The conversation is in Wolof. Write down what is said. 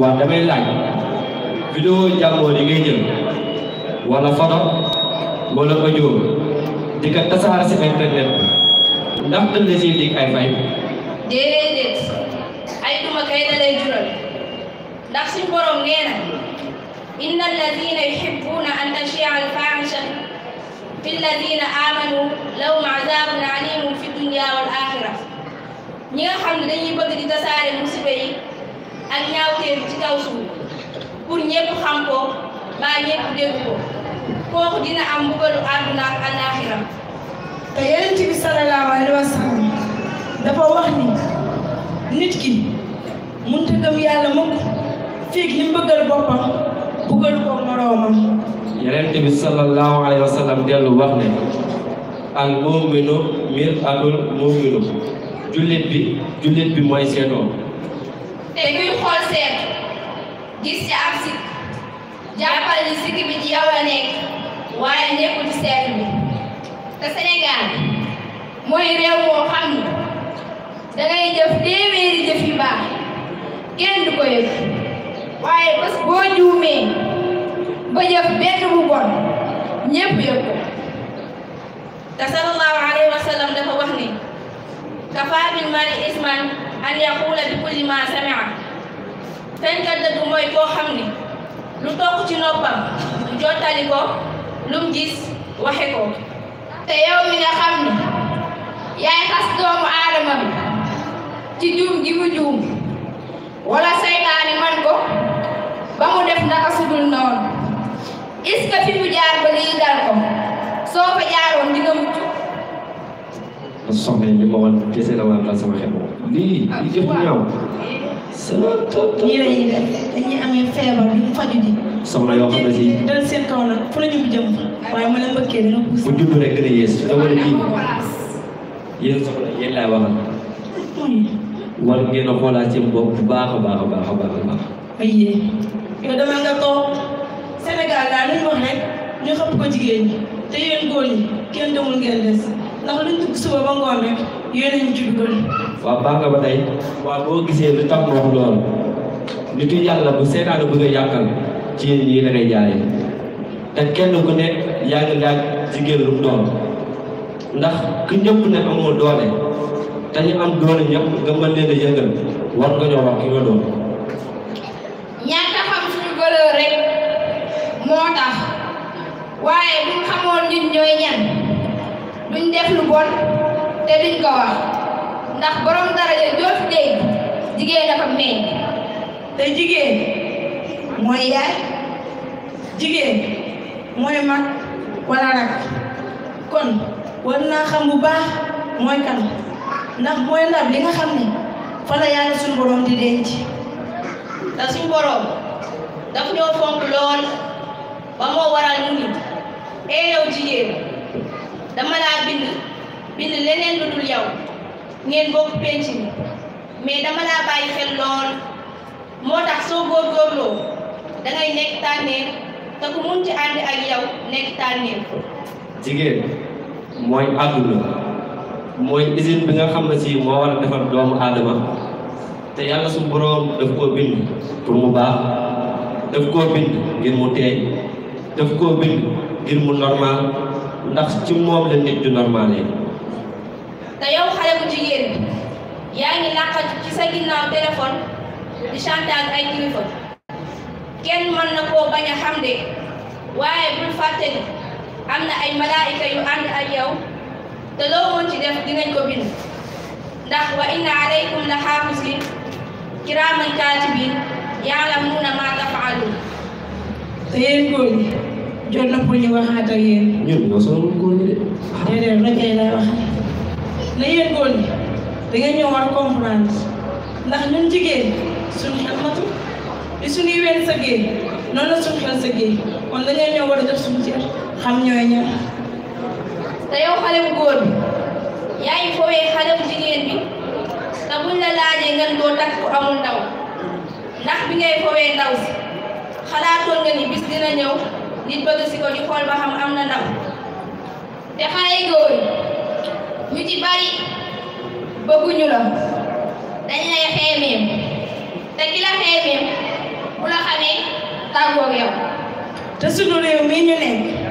waa damay laaj vidéo jàmboo li ngay jël wala photo wala audio di ko tasaare si internet ndax dañ la siy dig ay fay. déedéet ay duma kay da lay jural ndax suñ borom nee na inna alladina yuhibbuna an tashia alfahisha fi alladina amanu lahum azabun alimun fi dunya wal axira ñi nga xam ne dañuy bëgg di tasaare musiba yi ak ñaawteef ci kaw suuf pour ñépp xam ko mbaa ñépp dégg ko kooku dina am mbugalu àdduna ak alaaxira te Yonent bi sallallahu alayhi wa sallam dafa wax ni nit ki mun te yàlla mukk fii li mu bëggal boppam bëggal ko moroomam Yonent bi sallallahu alayhi wa sallam dellu wax ne al mu'minu mir'atul mu'minu jullit bi jullit bi mooy seetoo te kuy xool seen gis ci am sikk jàppal ni sikk bi ci yow waaye nekkul ci bi te mooy réew xam ni dangay jëf téeméeri jëf kenn du ko yëg waaye bés boo juumee ba benn bu bon ñépp yëg te sallallahu alayhi wa dafa wax ni kafaa bil mari isman an yaquula bi kulli ma samia fenkat dëgg mooy koo xam ni lu toog ci noppam jottali ko lum gis waxe ko te yow mi nga xam ni yaay xas doomu aadama ci juum gi mu juum wala seytaane man ko ba mu def naka sudul noonu est fi mu jaar ba lii dal ko soo fa jaaroon soxna yi ñu a sama xel moom. lii lii ah, jëf ñaaw. sama ne ñu jëm waaye ma la mbëkkee dina pousse. ne lii yéen nga ko jigéen te yéen góor ñi kenn demul ngeen des. ndax luñ dugg suba ba ngoon rek yéen a ñu ci dugal. nga ba tey waaw boo gisee lu tax ma wax loolu nitu yàlla bu seetaanu bëgg a yàqal ci yi la ngay jaay te kenn ku nekk yaa ngi laaj jigéen lu mu doon ndax ku ne amoo doole te am doole ñëpp nga mën leen a yëngal war nga ñoo wax ki doon. ñàkk a xam suñu valeur rek moo tax waaye bu xamoon nit ñooy ñan. duñ def lu bon te duñ ko wax ndax borom daraja joo fi dégg jigéen dafa meññ te jigéen mooy yaay jigéen mooy mag wala rak kon war naa xam bu baax mooy kan ndax mooy ndab li nga xam ne fa la yàlla suñu borom di denc te suñu borom daf fonk lool ba moo waral ñu ngi bind leneen lu dul yow ngeen bokk penc mi mais dama laa bàyyi xel lool moo tax soo góorgóorloo dangay nekk tànneef te ku mun ci ànd ak yow nekk tànneef jigéen mooy àdduna mooy usine bi nga xam ne si moo war a doomu aadama te yàlla su boroom daf koo bind pour mu baax daf koo bind ngir mu teey daf koo bind ngir mu normal ndax ci moom la nit du normal yi te yow xale bu jigéen bi yaa ngi làqatu ci sa ginnaaw téléphone di chantage ay kilifa kenn mën na koo bañ a xam de waaye bul fàtte ni am na ay malaayika yu ànd ak yow te loo mën ci def dinañ ko bind ndax wa inna alaykum la xaafisin kiraaman kaatibiin yaalamuuna maa tafaaluun te yéen góor ñi jot na pour ñu waxaat ak yéen ñun ñoo sonal góor ñi de déedéet rajo yi lay waxee ne yéen góor ñi da ngeen ñoo war comprendre ndax ñun jigéen suñu xel matu li suñuy ween sa géey noonu la suñu xel sa géey kon da ngeen ñoo war a def suñu cër xam ñooy ñan te yow xale bu góor bi yaa ngi fowee xale bu jigéen bi te buñ la laajee ngeen doo takk ku amul ndaw ndax bi ngay fowee ndaw si xalaatoon nga ni bis dina ñëw nit bëgg si ko di xool ba xam am na ndaw te xale yi góor yi Muti balik Bagunya lah Tanya saya khemim Tak gila khemim Mula kami Tahu bagi aku Tersudul yang minyak